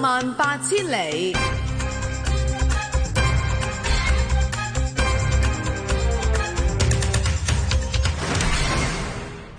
萬八千里。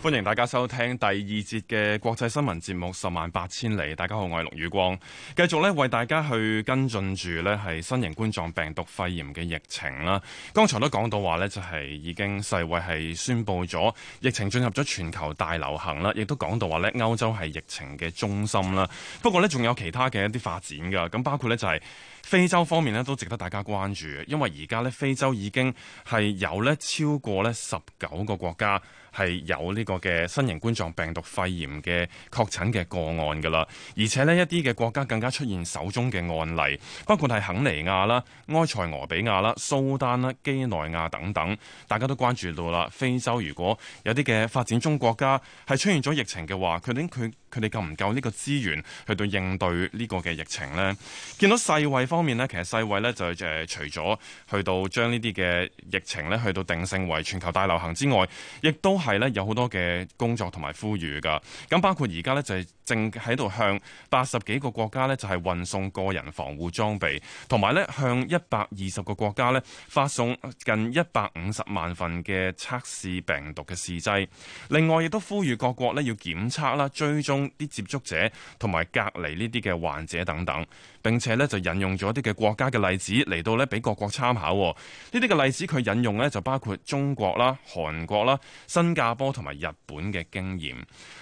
歡迎大家收聽第二節嘅國際新聞節目十萬八千里，大家好，我係陸宇光，繼續呢為大家去跟進住呢係新型冠狀病毒肺炎嘅疫情啦。剛才都講到話呢，就係已經世衛係宣布咗疫情進入咗全球大流行啦，亦都講到話呢，歐洲係疫情嘅中心啦。不過呢，仲有其他嘅一啲發展噶，咁包括呢，就係、是。非洲方面咧都值得大家關注，因為而家咧非洲已經係有咧超過咧十九個國家係有呢個嘅新型冠狀病毒肺炎嘅確診嘅個案噶啦，而且咧一啲嘅國家更加出現首宗嘅案例，包括係肯尼亞啦、埃塞俄比亞啦、蘇丹啦、幾內亞等等，大家都關注到啦。非洲如果有啲嘅發展中國家係出現咗疫情嘅話，佢哋佢佢哋夠唔夠呢個資源去到應對呢個嘅疫情呢？見到世衛方面呢，其實世衛呢就誒、呃、除咗去到將呢啲嘅疫情呢去到定性為全球大流行之外，亦都係呢有好多嘅工作同埋呼籲㗎。噉包括而家呢，就係正喺度向八十幾個國家呢，就係、是、運送個人防護裝備，同埋呢向一百二十個國家呢，發送近一百五十萬份嘅測試病毒嘅試劑。另外亦都呼籲各國呢要檢測啦、追蹤啲接觸者同埋隔離呢啲嘅患者等等。並且咧就引用咗一啲嘅國家嘅例子嚟到咧俾各國參考。呢啲嘅例子佢引用呢就包括中國啦、韓國啦、新加坡同埋日本嘅經驗。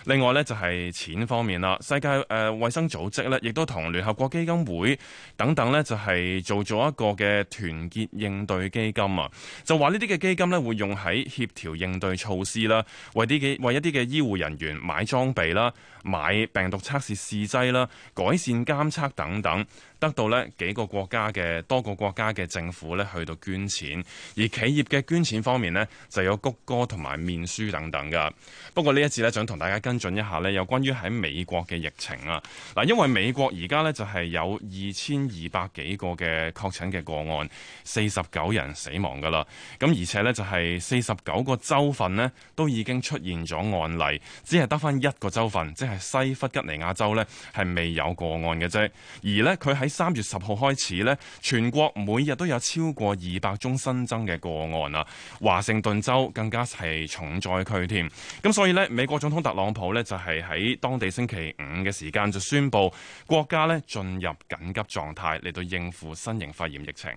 另外呢，就係錢方面啦，世界誒衛生組織呢亦都同聯合國基金會等等呢，就係做咗一個嘅團結應對基金啊，就話呢啲嘅基金呢，會用喺協調應對措施啦，為啲嘅為一啲嘅醫護人員買裝備啦、買病毒測試試劑啦、改善監測等等。得到咧幾個國家嘅多個國家嘅政府咧去到捐錢，而企業嘅捐錢方面呢，就有谷歌同埋面書等等噶。不過呢一次呢，想同大家跟進一下呢，有關於喺美國嘅疫情啊。嗱，因為美國而家呢，就係有二千二百幾個嘅確診嘅個案，四十九人死亡噶啦。咁而且呢，就係四十九個州份呢，都已經出現咗案例，只係得翻一個州份，即係西弗吉尼亞州呢，係未有個案嘅啫，而呢。佢喺三月十號開始呢，全國每日都有超過二百宗新增嘅個案啊！華盛頓州更加係重災區添，咁所以呢，美國總統特朗普呢就係喺當地星期五嘅時間就宣布國家呢進入緊急狀態嚟到應付新型肺炎疫情。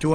To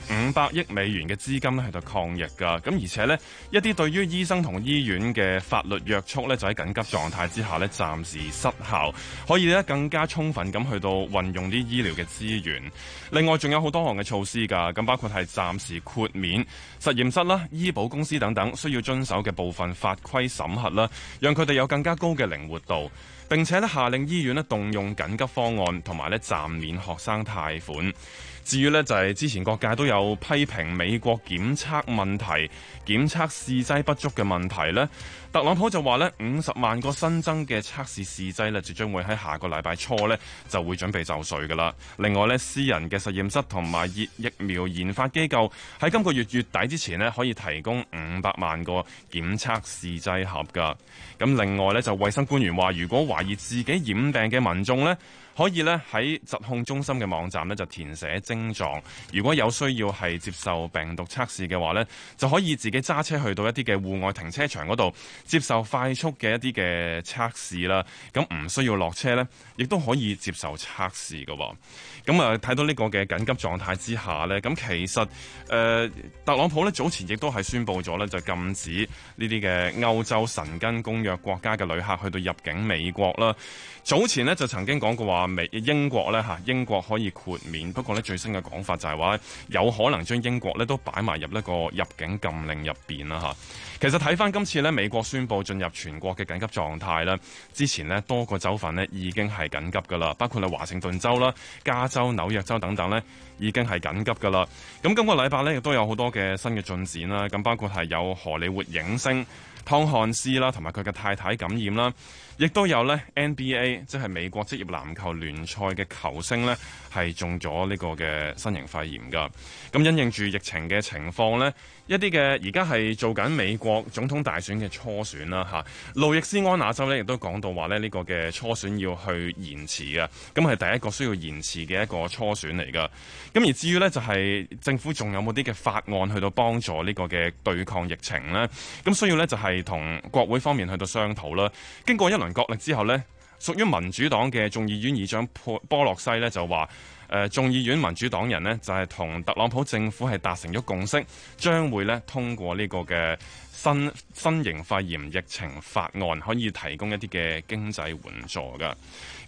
五百億美元嘅資金喺度抗疫㗎，咁而且呢，一啲對於醫生同醫院嘅法律約束咧，就喺緊急狀態之下咧暫時失效，可以咧更加充分咁去到運用啲醫療嘅資源。另外仲有好多項嘅措施㗎，咁包括係暫時豁免實驗室啦、醫保公司等等需要遵守嘅部分法規審核啦，讓佢哋有更加高嘅靈活度。並且呢，下令醫院呢動用緊急方案，同埋咧暫免學生貸款。至於呢就係、是、之前各界都有批評美國檢測問題、檢測試劑不足嘅問題呢，特朗普就話呢五十萬個新增嘅測試試劑呢，就將會喺下個禮拜初呢就會準備就緒噶啦。另外呢，私人嘅實驗室同埋熱疫苗研發機構喺今個月月底之前呢可以提供五百萬個檢測試劑盒噶。咁另外呢就衞生官員話，如果懷疑自己染病嘅民眾呢，可以呢喺疾控中心嘅網站呢就填寫。症狀，如果有需要係接受病毒測試嘅話呢，就可以自己揸車去到一啲嘅戶外停車場嗰度接受快速嘅一啲嘅測試啦。咁唔需要落車呢，亦都可以接受測試嘅。咁啊，睇到呢個嘅緊急狀態之下呢，咁其實誒、呃、特朗普呢，早前亦都係宣布咗呢，就禁止呢啲嘅歐洲申根公約國家嘅旅客去到入境美國啦。早前咧，就曾經講過話美英國咧，嚇英國可以豁免，不過咧，最新嘅講法就係話有可能將英國咧都擺埋入一個入境禁令入邊啦吓。其實睇翻今次咧美國宣布進入全國嘅緊急狀態咧，之前咧多個州份咧已經係緊急噶啦，包括係華盛頓州啦、加州、紐約州等等咧已經係緊急噶啦。咁今個禮拜咧亦都有好多嘅新嘅進展啦，咁包括係有荷里活影星湯漢斯啦同埋佢嘅太太感染啦。亦都有咧 NBA 即係美國職業籃球聯賽嘅球星咧，係中咗呢個嘅新型肺炎噶。咁因應住疫情嘅情況咧，一啲嘅而家係做緊美國總統大選嘅初選啦吓、啊。路易斯安那州咧亦都講到話咧呢個嘅初選要去延遲嘅。咁係第一個需要延遲嘅一個初選嚟噶。咁而至於咧就係、是、政府仲有冇啲嘅法案去到幫助呢個嘅對抗疫情咧？咁需要咧就係、是、同國會方面去到商討啦。經過一輪。國力之後呢，屬於民主黨嘅眾議院議長波、波洛西呢，就話，誒、呃、眾議院民主黨人呢，就係、是、同特朗普政府係達成咗共識，將會呢通過呢個嘅新新型肺炎疫情法案，可以提供一啲嘅經濟援助噶，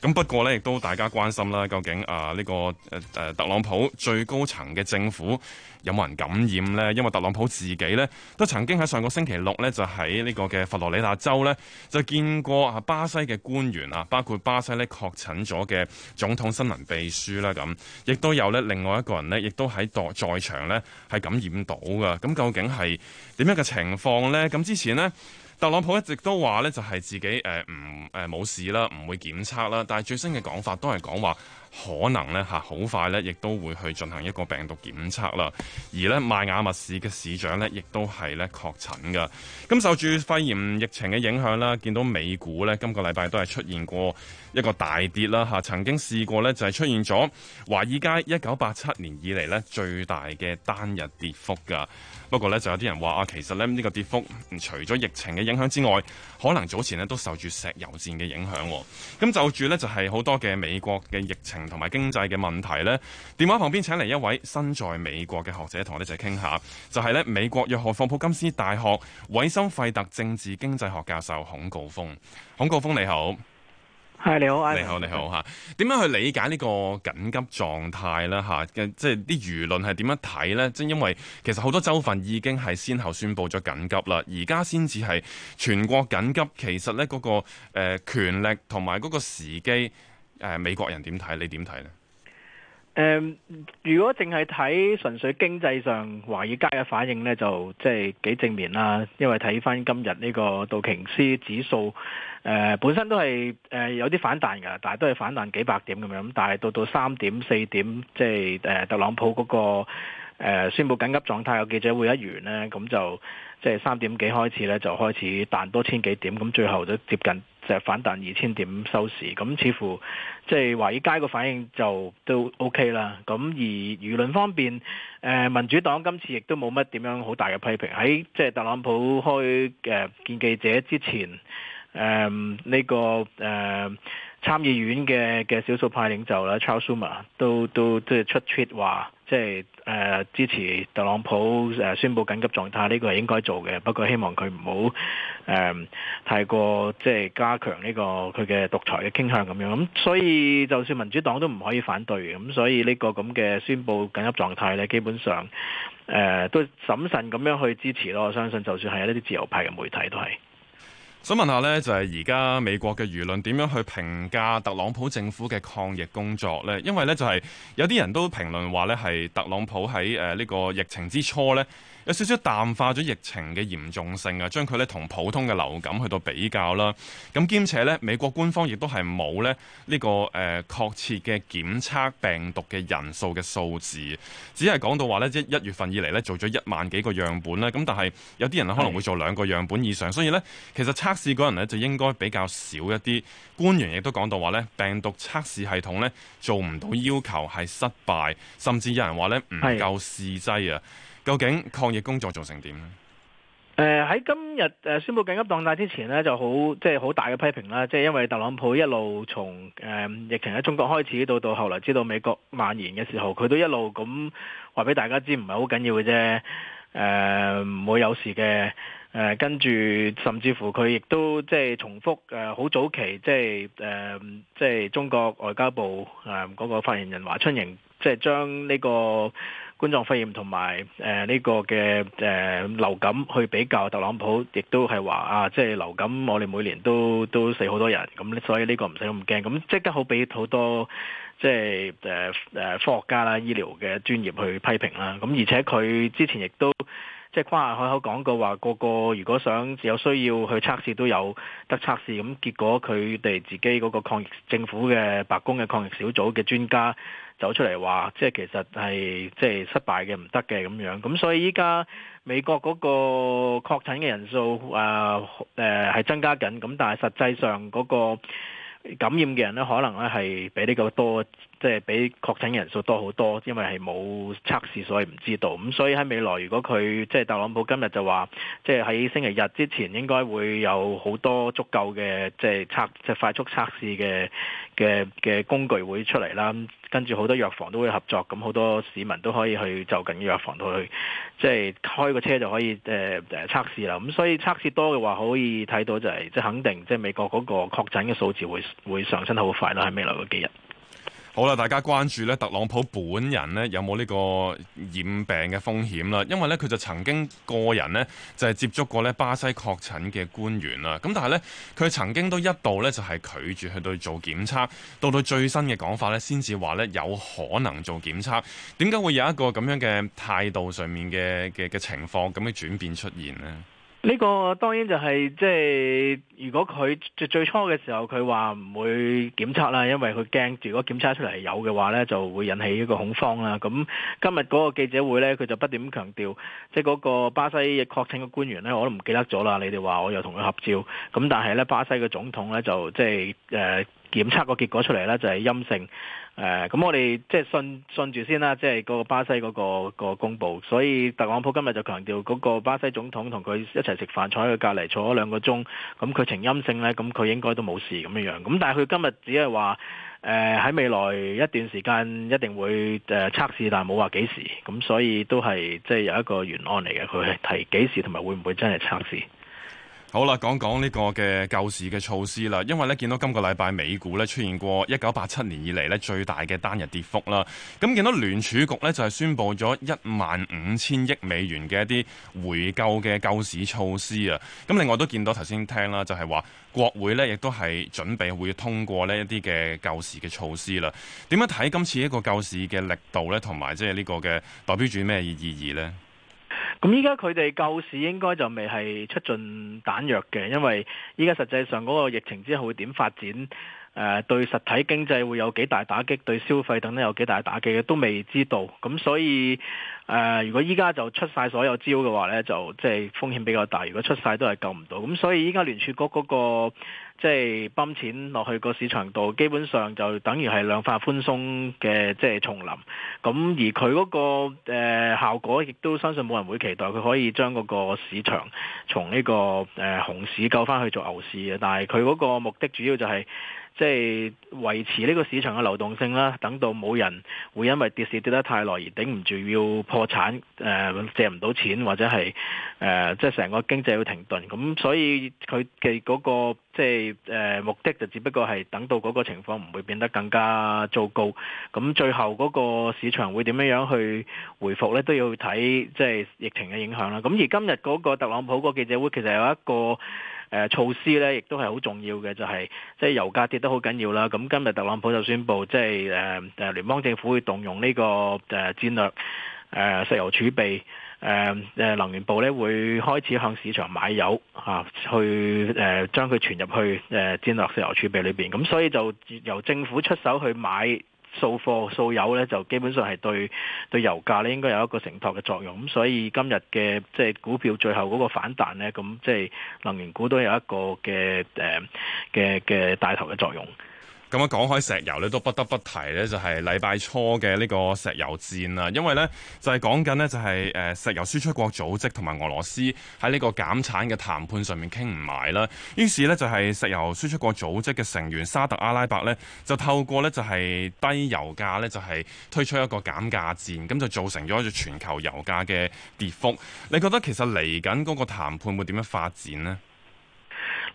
咁不過咧，亦都大家關心啦，究竟啊呢、這個誒誒、啊、特朗普最高層嘅政府有冇人感染呢？因為特朗普自己呢都曾經喺上個星期六呢，就喺呢個嘅佛羅里達州呢，就見過啊巴西嘅官員啊，包括巴西咧確診咗嘅總統新聞秘書啦，咁亦都有咧另外一個人呢，亦都喺在在場咧係感染到嘅。咁究竟係點樣嘅情況？咧咁之前呢，特朗普一直都話呢，就係自己誒唔誒冇事啦，唔會檢測啦。但係最新嘅講法都係講話。可能呢，嚇好快呢，亦都會去進行一個病毒檢測啦。而呢，邁阿密市嘅市長呢，亦都係呢確診噶。咁受住肺炎疫情嘅影響啦，見到美股呢，今個禮拜都係出現過一個大跌啦嚇。曾經試過呢，就係出現咗華爾街一九八七年以嚟呢，最大嘅單日跌幅噶。不過呢，就有啲人話啊，其實呢，呢個跌幅除咗疫情嘅影響之外，可能早前呢都受住石油戰嘅影響。哦，咁就住呢，就係、是、好多嘅美國嘅疫情同埋經濟嘅問題呢。電話旁邊請嚟一位身在美國嘅學者，同我哋一齊傾下，就係、是、呢美國約翰霍普金斯大學韋森費特政治經濟學教授孔誥烽。孔誥烽，你好。係你， 你好，你好你好吓，點樣 去理解呢個緊急狀態呢？吓、啊？即係啲輿論係點樣睇呢？即係因為其實好多州份已經係先後宣布咗緊急啦，而家先至係全國緊急。其實呢，嗰、嗰個誒、呃、權力同埋嗰個時機，誒、呃、美國人點睇？你點睇咧？誒、嗯，如果淨係睇純粹經濟上華爾街嘅反應咧，就即係幾正面啦。因為睇翻今日呢個道瓊斯指數，誒、呃、本身都係誒、呃、有啲反彈噶，但係都係反彈幾百點咁樣。但係到到三點四點，即係誒特朗普嗰、那個。誒、呃、宣布緊急狀態，個記者會一完呢，咁就即係三點幾開始呢，就開始彈多千幾點，咁最後都接近就反彈二千點收市，咁似乎即係華爾街個反應就都 O K 啦。咁而輿論方面，誒、呃、民主黨今次亦都冇乜點樣好大嘅批評，喺即係特朗普開誒見記者之前，誒、呃、呢、這個誒、呃、參議院嘅嘅少數派領袖啦，Charles Schumer 都都即係出 tweet 話。即係、呃、支持特朗普宣布緊急狀態呢、個係應該做嘅，不過希望佢唔好太過，呃、太過即係加強呢、個佢嘅獨裁嘅傾向咁樣。咁所以就算民主黨都唔可以反對嘅，咁所以呢個咁嘅宣布緊急狀態呢，基本上誒、呃、都審慎咁樣去支持咯。我相信就算係一啲自由派嘅媒體都係。想問下呢，就係而家美國嘅輿論點樣去評價特朗普政府嘅抗疫工作呢？因為呢，就係有啲人都評論話呢，係特朗普喺誒呢個疫情之初呢，有少少淡化咗疫情嘅嚴重性啊，將佢咧同普通嘅流感去到比較啦。咁兼且咧，美國官方亦都係冇咧呢個誒，呃，確切嘅檢測病毒嘅人數嘅數字，只係講到話咧，即一月份以嚟咧做咗一萬幾個樣本咧。咁但係有啲人可能會做兩個樣本以上，所以咧其實測試嗰人咧就應該比較少一啲。官員亦都講到話咧，病毒測試系統咧做唔到要求係失敗，甚至有人話咧唔夠試劑啊。究竟抗疫工作做成點呢？誒、呃，喺今日誒宣布緊急狀態之前呢，就好即係好大嘅批評啦。即係因為特朗普一路從誒、呃、疫情喺中國開始，到到後來知道美國蔓延嘅時候，佢都一路咁話俾大家知唔係好緊要嘅啫。誒、呃，唔會有事嘅。誒、呃，跟住甚至乎佢亦都即係重複誒，好、呃、早期即係誒，即係、呃、中國外交部誒嗰、呃那個發言人華春瑩，即係將呢個。冠狀肺炎同埋誒呢個嘅誒、呃、流感去比較，特朗普亦都係話啊，即係流感我哋每年都都死好多人，咁所以呢個唔使咁驚。咁即刻好俾好多即係誒誒科學家啦、醫療嘅專業去批評啦。咁而且佢之前亦都。即係誇下海口講過話，個個如果想有需要去測試都有得測試，咁結果佢哋自己嗰個抗疫政府嘅白宮嘅抗疫小組嘅專家走出嚟話，即係其實係即係失敗嘅，唔得嘅咁樣。咁所以依家美國嗰個確診嘅人數啊，誒、呃、係、呃、增加緊，咁但係實際上嗰個感染嘅人呢，可能咧係比呢個多。即係比確診人數多好多，因為係冇測試所，所以唔知道。咁所以喺未來，如果佢即係特朗普今日就話，即係喺星期日之前應該會有好多足夠嘅即係測即係快速測試嘅嘅嘅工具會出嚟啦。跟住好多藥房都會合作，咁好多市民都可以去就近嘅藥房度去即係開個車就可以誒誒、呃、測試啦。咁所以測試多嘅話，可以睇到就係、是、即係肯定，即係美國嗰個確診嘅數字會會上升好快啦。喺未來嘅幾日。好啦，大家關注呢，特朗普本人呢，有冇呢個染病嘅風險啦？因為呢，佢就曾經個人呢，就係接觸過呢巴西確診嘅官員啦。咁但係呢，佢曾經都一度呢，就係拒絕去到做檢測，到到最新嘅講法呢，先至話呢，有可能做檢測。點解會有一個咁樣嘅態度上面嘅嘅嘅情況咁嘅轉變出現呢？呢個當然就係、是、即係，如果佢最，最初嘅時候佢話唔會檢測啦，因為佢驚，如果檢測出嚟有嘅話呢就會引起一個恐慌啦。咁今日嗰個記者會呢，佢就不斷強調，即係嗰個巴西確診嘅官員呢，我都唔記得咗啦。你哋話我又同佢合照，咁但係呢巴西嘅總統呢，就即係誒。呃檢測個結果出嚟呢，就係陰性，誒、呃、咁我哋即係信信住先啦，即係嗰個巴西嗰、嗰個、嗰個公佈，所以特朗普今日就強調嗰個巴西總統同佢一齊食飯，坐喺佢隔離坐咗兩個鐘，咁佢呈陰性呢，咁佢應該都冇事咁樣樣，咁但係佢今日只係話誒喺未來一段時間一定會誒、呃、測試，但係冇話幾時，咁所以都係即係有一個原案嚟嘅，佢係提幾時同埋會唔會真係測試。好啦，講講呢個嘅救市嘅措施啦，因為咧見到今個禮拜美股咧出現過一九八七年以嚟咧最大嘅單日跌幅啦。咁、嗯、見到聯儲局咧就係、是、宣布咗一萬五千億美元嘅一啲回購嘅救市措施啊。咁、嗯、另外都見到頭先聽啦，就係、是、話國會咧亦都係準備會通過呢一啲嘅救市嘅措施啦。點樣睇今次一個救市嘅力度咧，同埋即係呢個嘅代表住咩意義呢？咁依家佢哋救市應該就未係出盡彈藥嘅，因為依家實際上嗰個疫情之後會點發展？誒、呃，對實體經濟會有幾大打擊，對消費等等有幾大打擊嘅，都未知道。咁所以誒、呃，如果依家就出晒所有招嘅話呢，就即係風險比較大。如果出晒都係救唔到。咁所以依家聯儲局嗰、那個即係泵錢落去個市場度，基本上就等於係量化寬鬆嘅即係叢林。咁而佢嗰、那個誒、呃、效果，亦都相信冇人會期待佢可以將嗰個市場從呢、這個誒、呃、熊市救翻去做牛市嘅。但係佢嗰個目的主要就係、是。即係維持呢個市場嘅流動性啦，等到冇人會因為跌市跌得太耐而頂唔住要破產，誒、呃、借唔到錢或者係誒即係成個經濟要停頓。咁所以佢嘅嗰個即係誒目的就只不過係等到嗰個情況唔會變得更加糟糕。咁最後嗰個市場會點樣樣去回復呢？都要睇即係疫情嘅影響啦。咁而今日嗰個特朗普個記者會其實有一個。誒措施咧，亦都係好重要嘅，就係、是、即係油價跌得好緊要啦。咁今日特朗普就宣布，即係誒、呃、聯邦政府會動用呢、這個誒、呃、戰略誒、呃、石油儲備，誒、呃、誒能源部咧會開始向市場買油嚇、啊，去誒、呃、將佢存入去誒、呃、戰略石油儲備裏邊。咁所以就由政府出手去買。掃貨掃油呢，就基本上係對對油價呢應該有一個承托嘅作用，咁所以今日嘅即係股票最後嗰個反彈呢，咁即係能源股都有一個嘅誒嘅嘅帶頭嘅作用。咁樣講開石油咧，都不得不提呢就係禮拜初嘅呢個石油戰啦。因為呢，就係講緊呢就係誒石油輸出國組織同埋俄羅斯喺呢個減產嘅談判上面傾唔埋啦。於是呢，就係石油輸出國組織嘅成員沙特阿拉伯呢，就透過呢，就係低油價呢就係推出一個減價戰，咁就造成咗全球油價嘅跌幅。你覺得其實嚟緊嗰個談判會點樣發展呢？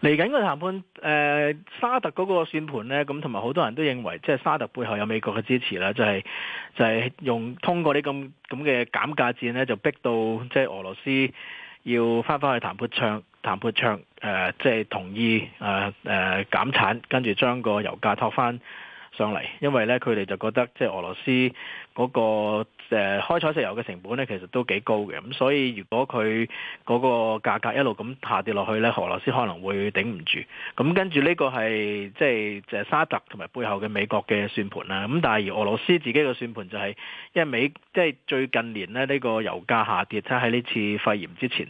嚟緊個談判，誒、呃、沙特嗰個算盤呢，咁同埋好多人都認為，即係沙特背後有美國嘅支持啦，就係、是、就係、是、用通過呢咁咁嘅減價戰呢，就逼到即係俄羅斯要翻返去談判唱，唱談判唱誒、呃，即係同意誒誒、呃呃、減產，跟住將個油價托翻上嚟，因為呢，佢哋就覺得即係俄羅斯。嗰個誒開採石油嘅成本咧，其實都幾高嘅，咁、嗯、所以如果佢嗰個價格一路咁下跌落去咧，俄羅斯可能會頂唔住。咁、嗯、跟住呢個係即係誒沙特同埋背後嘅美國嘅算盤啦。咁、嗯、但係俄羅斯自己嘅算盤就係、是，因為美即係、就是、最近年咧呢、呢個油價下跌，即喺呢次肺炎之前，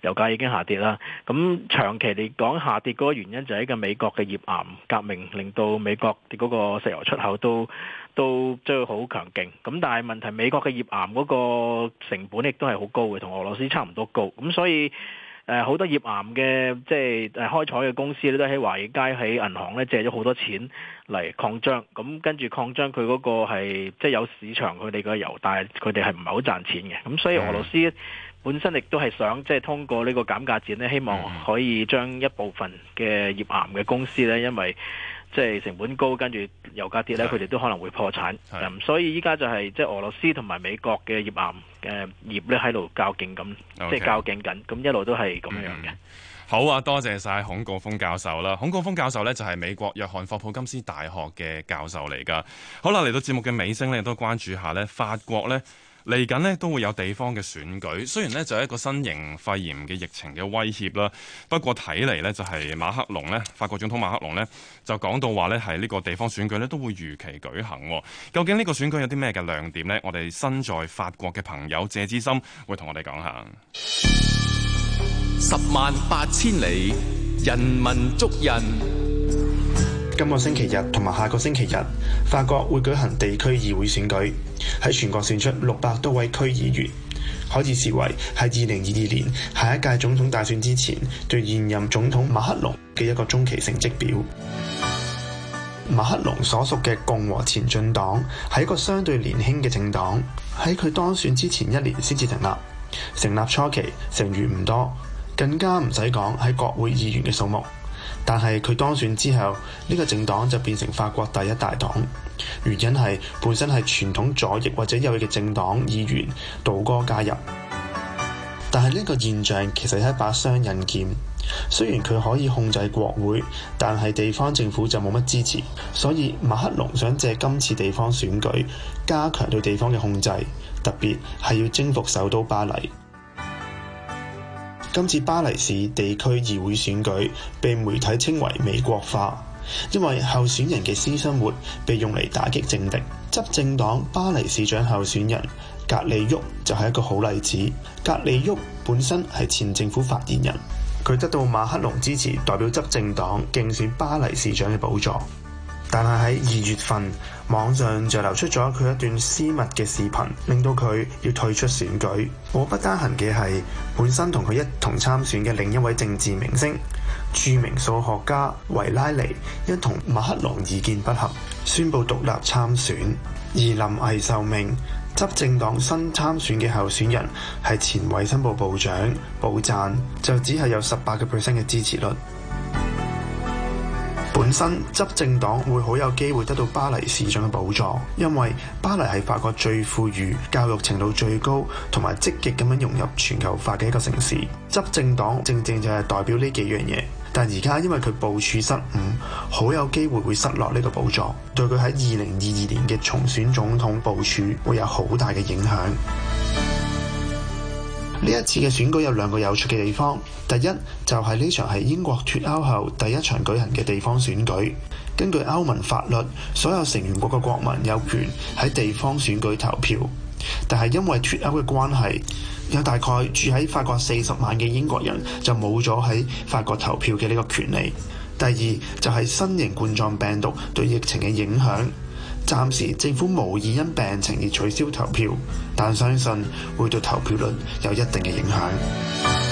油價已經下跌啦。咁、嗯、長期嚟講下跌嗰個原因就係一個美國嘅頁岩革命，令到美國嘅嗰個石油出口都都即係好強勁，咁但係問題美國嘅頁岩嗰個成本亦都係好高嘅，同俄羅斯差唔多高。咁所以誒好多頁岩嘅即係呃開採嘅公司咧，都喺華爾街喺銀行咧借咗好多錢嚟擴張。咁、嗯、跟住擴張佢嗰個係即係有市場，佢哋個油，但係佢哋係唔係好賺錢嘅。咁所以俄羅斯本身亦都係想即係通過呢個減價戰咧，希望可以將一部分嘅頁岩嘅公司咧，因為。即係成本高，跟住油價跌呢佢哋都可能會破產。的嗯、所以依家就係即係俄羅斯同埋美國嘅頁岩嘅、呃、業咧喺度較勁咁，即係較勁緊，咁 Okay.、嗯、一路都係咁樣嘅。好啊，多謝晒孔誥烽教授啦。孔誥烽教授呢就係美國約翰霍普金斯大學嘅教授嚟噶。好啦、啊，嚟到節目嘅尾聲呢，都關注下呢法國呢。嚟緊呢都會有地方嘅選舉，雖然呢就係一個新型肺炎嘅疫情嘅威脅啦，不過睇嚟呢就係馬克龍呢，法國總統馬克龍呢，就講到話呢係呢個地方選舉呢都會如期舉行。究竟呢個選舉有啲咩嘅亮點呢？我哋身在法國嘅朋友謝智森會同我哋講下。十萬八千里，人文足印。」今個星期日同埋下個星期日，法國會舉行地區議會選舉，喺全國選出六百多位區議員，可以視為喺二零二二年下一屆總統大選之前，對現任總統馬克龍嘅一個中期成績表。馬克龍所屬嘅共和前進黨係一個相對年輕嘅政黨，喺佢當選之前一年先至成立，成立初期成員唔多，更加唔使講喺國會議員嘅數目。但係佢當選之後，呢、這個政黨就變成法國第一大黨，原因係本身係傳統左翼或者右翼嘅政黨，議員倒戈加入。但係呢個現象其實係一把雙刃劍，雖然佢可以控制國會，但係地方政府就冇乜支持。所以馬克龍想借今次地方選舉加強對地方嘅控制，特別係要征服首都巴黎。今次巴黎市地區議會選舉被媒體稱為美國化，因為候選人嘅私生活被用嚟打擊政敵。執政黨巴黎市長候選人格利沃就係一個好例子。格利沃本身係前政府發言人，佢得到馬克龍支持，代表執政黨競選巴黎市長嘅寶座。但係喺二月份，網上就流出咗佢一段私密嘅視頻，令到佢要退出選舉。禍不單行嘅係，本身同佢一同參選嘅另一位政治明星、著名數學家維拉尼，因同馬克龍意見不合，宣布獨立參選。而臨危受命執政黨新參選嘅候選人係前衞生部部長布贊，就只係有十八個 percent 嘅支持率。本身執政黨會好有機會得到巴黎市長嘅寶座，因為巴黎係法國最富裕、教育程度最高同埋積極咁樣融入全球化嘅一個城市。執政黨正正就係代表呢幾樣嘢，但而家因為佢部署失誤，好有機會會失落呢個寶座，對佢喺二零二二年嘅重選總統部署會有好大嘅影響。呢一次嘅選舉有兩個有趣嘅地方，第一就係呢場係英國脱歐後第一場舉行嘅地方選舉。根據歐盟法律，所有成員國嘅國民有權喺地方選舉投票，但係因為脱歐嘅關係，有大概住喺法國四十萬嘅英國人就冇咗喺法國投票嘅呢個權利。第二就係新型冠狀病毒對疫情嘅影響。暫時政府無意因病情而取消投票，但相信會對投票率有一定嘅影響。